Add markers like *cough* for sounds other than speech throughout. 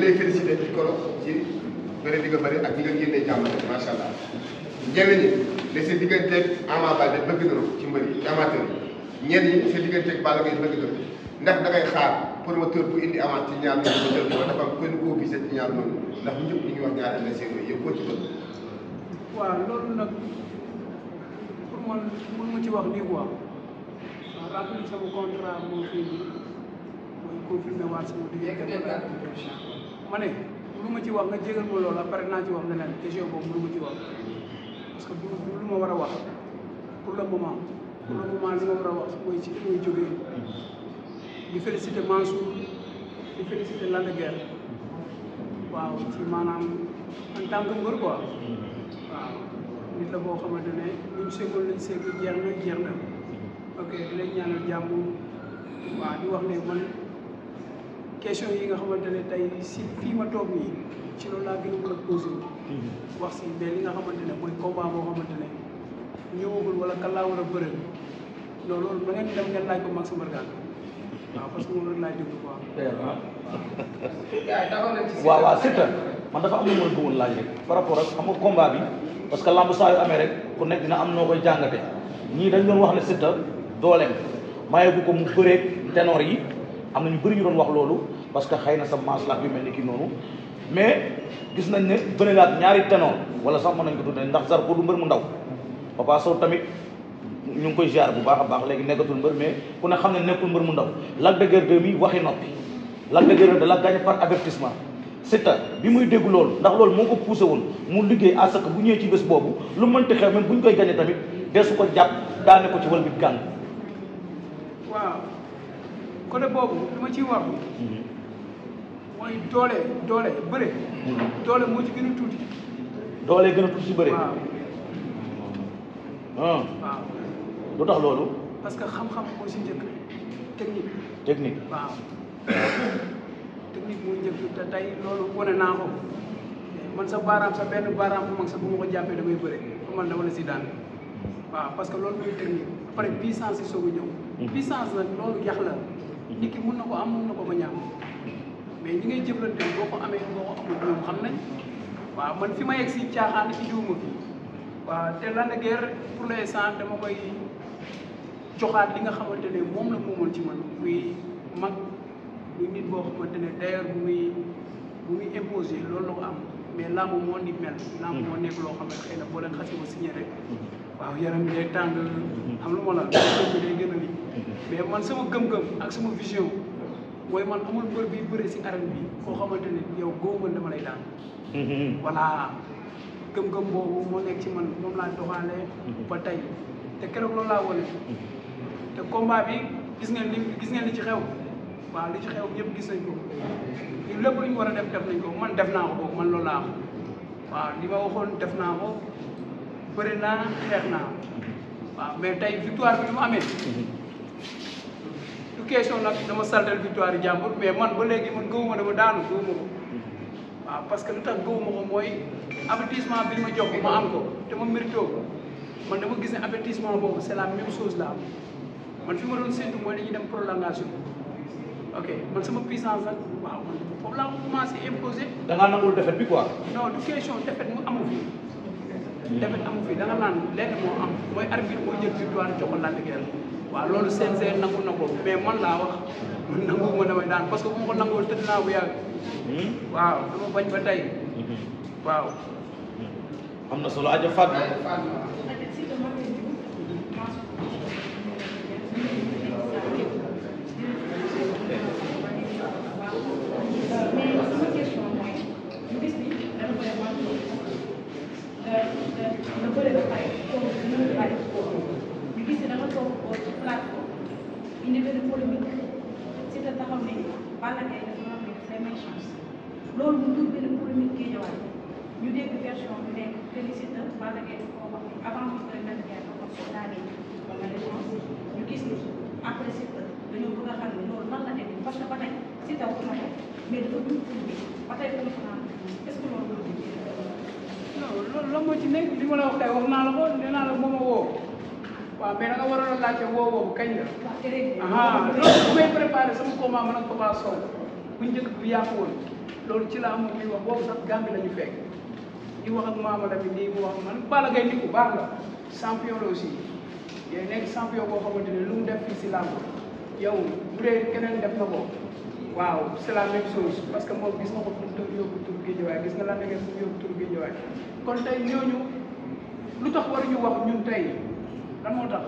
ngi lay félicité ci koro ci bëri di nga ya, bëri ak li nga génnee jàmbale macha allah ñenn ñi ne sa digganteeg Ama Baldé bëgg na ci mbër yi amateur yi ñenn ñi sa digganteeg Balla Gaye bëgg na ndax da ngay xaar promoteur bu indi avance ci ñaar ñaar ba jël ko dafa am kenn koo gisee ci ñaar noonu ndax ñëpp ñu ngi wax ñaar adversaire yooyu yëpp koo ci bëgg. waaw loolu nag pour man mën ma ci wax nii quoi rappelé sama contrat moo fi mooy confirmé waat sama mané ne ma ci wax nga jéggal mo loolu après na ci wax leneen question boobu mënu ma ci wax parce que bu lu ma war wax pour le moment pour le moment li ma wara wax moy ci li may di féliciter Mansour di féliciter la de Guerre waaw ci manam en tant que ngor quoi waaw nit la bo xamantene ñu luñ séggul lañ ségg jeex na jeex ok di leen ñaanal jàmm waaw di wax né man question yi nga xamante ne tey si fii ma toog nii ci loolu laa gën a mën a posé mhm. wax si mais li nga xamante ne mooy combat boo war a bëre loolu ba ngeen di dem ngeen laaj ko Max Mbargane waaw parce que moom rek laay déglu ah. *laughs* waaw waaw c'est man dafa am lu ma la bëggoon laaj rek par rapport ak xam nga combat bi parce que lamb saa yu amee rek ku nekk dina am noo koy jàngate ñii dañ doon wax ne Siteu dooleem maye bu ko mu bëreeg ténor yi. am na ñu bëri ñu doon wax loolu parce que xëy na sa maslak yu mel ni kii noonu mais gis nañ ne bëri naat ñaari tenor wala sax mën nañ ko tuddee ndax Zarko du mbër mu ndaw Papa Sow tamit ñu ngi koy ziar bu baax a baax léegi nekkatul mbër mais ku ne xam ne nekkul mbër mu ndaw Lac de Guiers 2000 waxi noppi Lac de Guiers 2 la gagné par avertissement Siteu bi muy dégg loolu ndax loolu moo ko poussé woon mu liggéey à que bu ñëwee ci bés boobu lu mënti xew même bu ñu koy gagné tamit desu ko jàpp daane ko ci wal bi gàng waaw kone bobu li ci war mhm. wax Dole, dole, doole mhm. Dole doole moo ci gëna a dole gëna tuti a tuuti ah ah do tax lolu parce que xam-xam moo ci jëk technique. technique waaw. technique moo jëk ta tay lolu woné na ko man sa baram sa benn baram bu mag sa bu mako jappé damay bëre ba man dama la ci daan waaw parce que lolu moy technique après puissance ci sogu a puissance nak lolu yax la. nit ki mun na ko am mun na ko bañ a am mais ñi ngay jëflante boo ko amee boo ko amul ñoom xam nañ waaw man fi ma yegg si caaxaan ci jiwuma fi waaw te Lac de Guiers pour l'instant dama koy joxaat li nga xamante ne moom la moomoon ci man muy mag muy nit boo xamante ne d'ailleurs bu muy bu muy imposé loolu la ko am mais làmb moo ni mel. làmb moo nekk loo xam ne xëy na boo leen xasee ba signé waaw yaram bi tàng. xam lu ma la wax man sama gëm-gëm ak sama vision mooy man amul mbër bi bëre si arène bi koo xamante ne yow góob man dama lay daan. voilà gëm-gëm boobu moo nekk ci man moom laa doxalee. ba tey te keroog loolu laa wane. te combat bi gis ngeen li gis ngeen li ci xew. waaw li ci xew ñëpp gis nañ ko lépp lu ñu war a def def nañ ko man def naa ko man loolu laa waaw li ma waxoon def naa ko bari naa xeex naa waaw mais tey victoire bi ñu mu amee du question nag dama saltal victoire yi jàmbur man ba léegi man gëwuma dama daanu gëwuma ko waaw parce que lu tax gëwuma ko mooy avertissement bi ma jox ma am ko te ma mérito ko man dama gis ne avertissement boobu c'est la même chose là man fi ma doon séntu mooy dañuy dem prolongation ok man sama puissance la waaw man foofu laa ko commencé imposer. da ngaa nangul defet bi quoi. non du question defet amu fi. defet amu fi da nga naan lenn am mooy arbitre moo jël victoire jox ko Lac de Guiers waaw loolu CNG nangu na ko mais man laa wax man nangu ma damay daan parce que bu ma ko nanguwul tëdd naa bu yàgg. Hmm? waaw dama bañ ba tey. Hmm. waaw. Hmm. am na solo aja Fatma. loolu mu jur benn polémique Guédiawaye ñu dégg version bi nekk que ni Siteu Balla Gaye koo wax ni avant bi koy mel ngeen ko soo daanee ba nga défense ñu gis ni après Siteu dañoo bëgg a xam ne loolu lan la demee parce que ba tey Siteu wax na ko mais dafa dugg polémique ba tey ko fa naan est ce que loolu loolu loolu moo ci nekk li ma la wax tey wax naa la ko nee naa la moom a woo waaw mais da nga waroon a laajte woo woo kañ la. ah loolu bu may préparé sama combat ma ne ko Papa Sow bu njëkk bu yàqu woon loolu ci la amoon li wax boobu sax Gambie la ñu fekk ñu wax ak maamala dami ni mu wax man Balla Gaye nit ku baax la champion la aussi yooyu nekk champion boo xamante ne lu mu def fii si làmb yow bu dee keneen def na ko waaw c'est la même chose parce que moom gis nga ko pour yóbbu tur Guédiawaye gis nga la nekk pour yóbbu tur Guédiawaye kon tey ñooñu lu tax waruñu wax ñun tey lan moo tax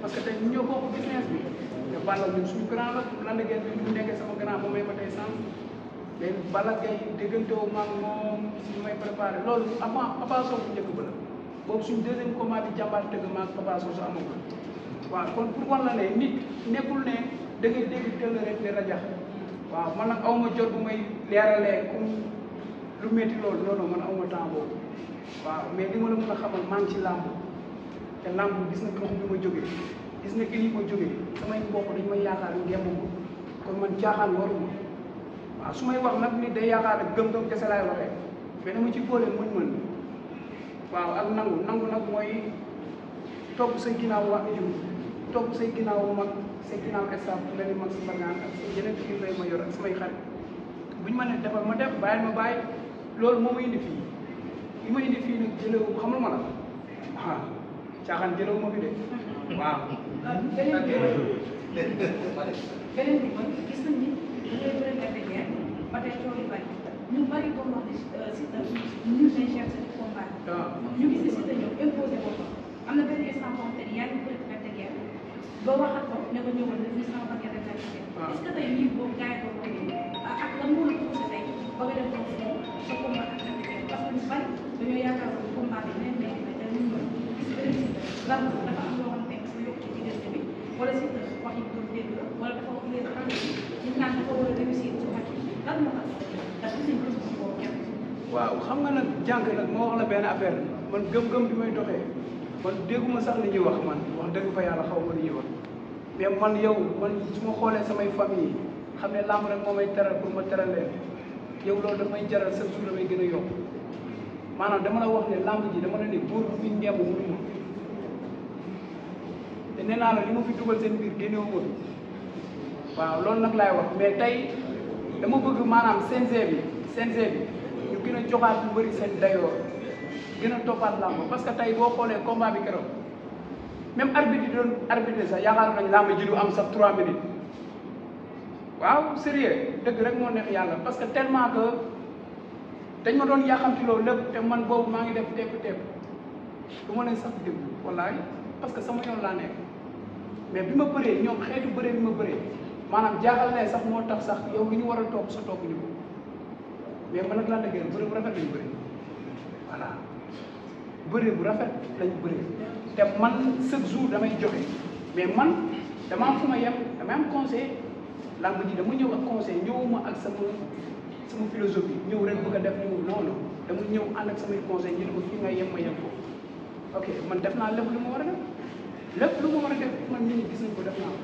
parce que tey ñoo bokk business bi te Balla ñun suñu grand la lan la ngeen ñu nekkee sama grand ba may mais bala kay déggante wu maag moom si may préparé loolu avant Papa Sow bu njëkk ba la boobu suñ deuxième combat bi jàmbaar dëgg maag Papa Sow su amagul waaw kon pour wan la ne nit nekkul ne da ngay dégg tëll rek ne rajax waaw man nag aw ma jot bu may leeralee comme lu métti loolu non non man aw ma temps boobu waaw mais li ma la mën a xamal maa ci làmb te làmb gis na gox bi ma jógee gis na kii yi ma jógee samay mbokk dañ may yaakaar ngemb ko kon man caaxaan waruma waaw su may wax nag nit day yaakaar ne gëm-gëm kese laay waxee mais dama ci boole mën-mën waaw ak nangu nangu nag mooy topp sa ginnaaw wax jiw topp say ginnaaw mag say ginnaaw staff nga ne mag si mbagaan sa yeneen kilifa yi ma yor bu ñu ma ne defal ma def bàyyil ma bàyyi loolu moo ma indi fii li ma indi fii nag jëlewu xam lu ma la ah caaxaan jëlewu ma fi de *laughs* gis nañ ni. mari bomba site ñu ngi leen cherché di combat ñu gis ne site ñëw imposé boppam am na benn instant boo xam te ni yaa ngi bëri nga teg yàlla ba waxat ko ne ko ñëwal na fii sama paquet rek laa est ce que tey lii boobu gars yi ko bëggee ak lan moo la poussé tey ba nga dem ko sa combat ak sa liggéey parce que ñu bari dañoo yaakaar ne combat bi dinañ nekk mais dañu ñëw gis benn site lan dafa am loo xam ne sa yokk ci diggante bi wala site waaw xam nga nag jàng nag moo wax la benn affaire man gëm-gëm bi may doxee man dégguma sax li ñuy wax man wax dëgg fa la xaw ma li ñuy wax mais man yow man su ma xoolee samay famille xam ne làmb nag moo may teral pour ma teral leen yow loolu damay jaral sa suuf damay gën a yow maanaam dama la wax ne làmb ji dama la ne góor bu fi ngemb mënu ma te nee naa la li ma fi dugal seen mbir génnewu ma waaw loolu nag laay wax mais tey dama bëgg maanaam CNG bi CNG gëna a joxaat bu bari seen dayo gëna a toppaat làmb parce que tay bo xolé combat bi kéro même arbitre yi doon arbitre sa yaakar nañ làmb ji du am sa 3 minutes waaw sérieux deug rek mo neex yalla parce que tellement que dañ ma doon yàqamti lo lepp te man bobu ma ngi def tepp tepp du mo lay sax déglu wallahi parce que sama yoon la neex mais bima ma ñom xéetu xeetu bima bi manam jaaxal ne sax mo tax sax yow ñu war top sa top ñu mais man ak Lac de Guiers bëre bu rafet lañ bëre voilà bëre bu rafet lañ bëre te man chaque jour damay joxe mais man dama am ma yem dama am conseil làmb di dama ñëw ak conseil ñëwuma ak sama sama philosophie ñëw ren bëgg a def ñëw noonu dama ñëw ànd ak samay conseil ñu ne ko fii nga yem ma yem ko ok man def naa lépp lu ma war a def lépp lu ma war a def man nit ñi gis nañ ko def naa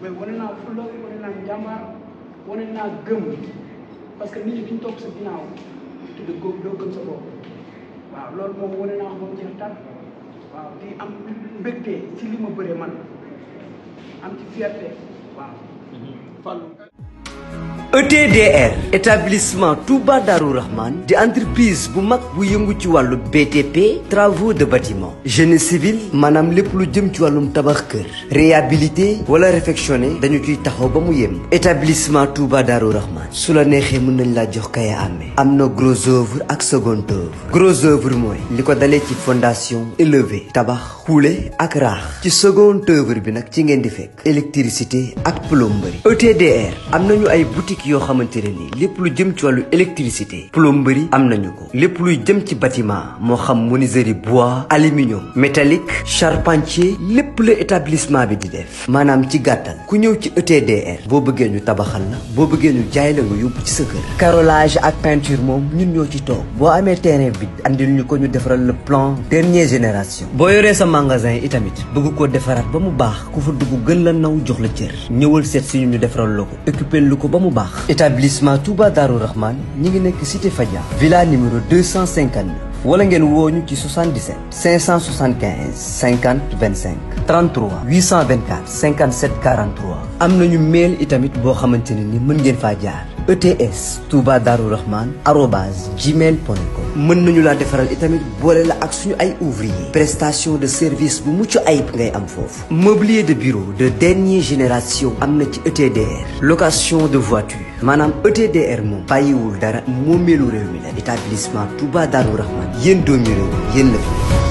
mais wane naa fulla wane naa njàmbaar wane naa gëm parce que nit ñi duñ topp sa ginnaaw te du góob doo gëm sa bopp waaw loolu moom wane naa wax di am mbégte ci li ma bëree man am ci fierté waaw. Mm-hmm. Fallou. ETDR établissement Touba Darou Rahman des entreprise Boumak mag bu BTP travaux de bâtiment génie civil manam lépp lu jëm ci wàllum tabax réhabilité wala réfectionné dañu Tahoba taxaw établissement Touba Darou Rahman su la neexee mën nañ laa jox gros œuvre ak second œuvre gros œuvre moi. fondation élevée tabakh coulé ak raax ci seconde œuvre bi nak ci ngeen di fekk électricité ak plomberie ETDR am nañu ay boutique yo xamante ne nii lu jëm ci wàllu électricité plomberie am nañu ko lepp lu jëm ci bâtiment mo xam menuiserie bois aluminium métallique charpentier lepp le établissement bi di def manam ci gattal ku ñew ci ETDR bo bëggee ñu tabaxal na bo bëggee ñu jaay la nga yóbbu ci sa kër carrelage ak peinture moom ñun ñoo ci toog boo amee terrain bi andil ñu ko ñu defaral le plan dernière génération boo yoree sa magasin itamit bëgg koo defaraat ba mu baax ku fa dugg gën la naw jox la cër ñëwal seet si ñu defaral la ko occupé lu ko ba mu baax établissement Touba Darou Rahman ñi ngi nekk cité Fadia villa numéro 259 wala ngeen woo ñu ci 77 575 50 25 33 824 57 am na ñu mail itamit boo xamante ne ni mën ngeen faa jaar ETS Touba Darou Rahman arobase gmail point mën nañu laa defaral itamit boole la ak suñu ay ouvrier prestation de service bu mucc ayib ngay am foofu mobilier de bureau de dernière génération am na ci ETDR location de voiture maanaam ETDR moom bàyyiwul dara moomeelu réew mi la établissement Touba Darou Rahman yéen doomi réew yéen la fi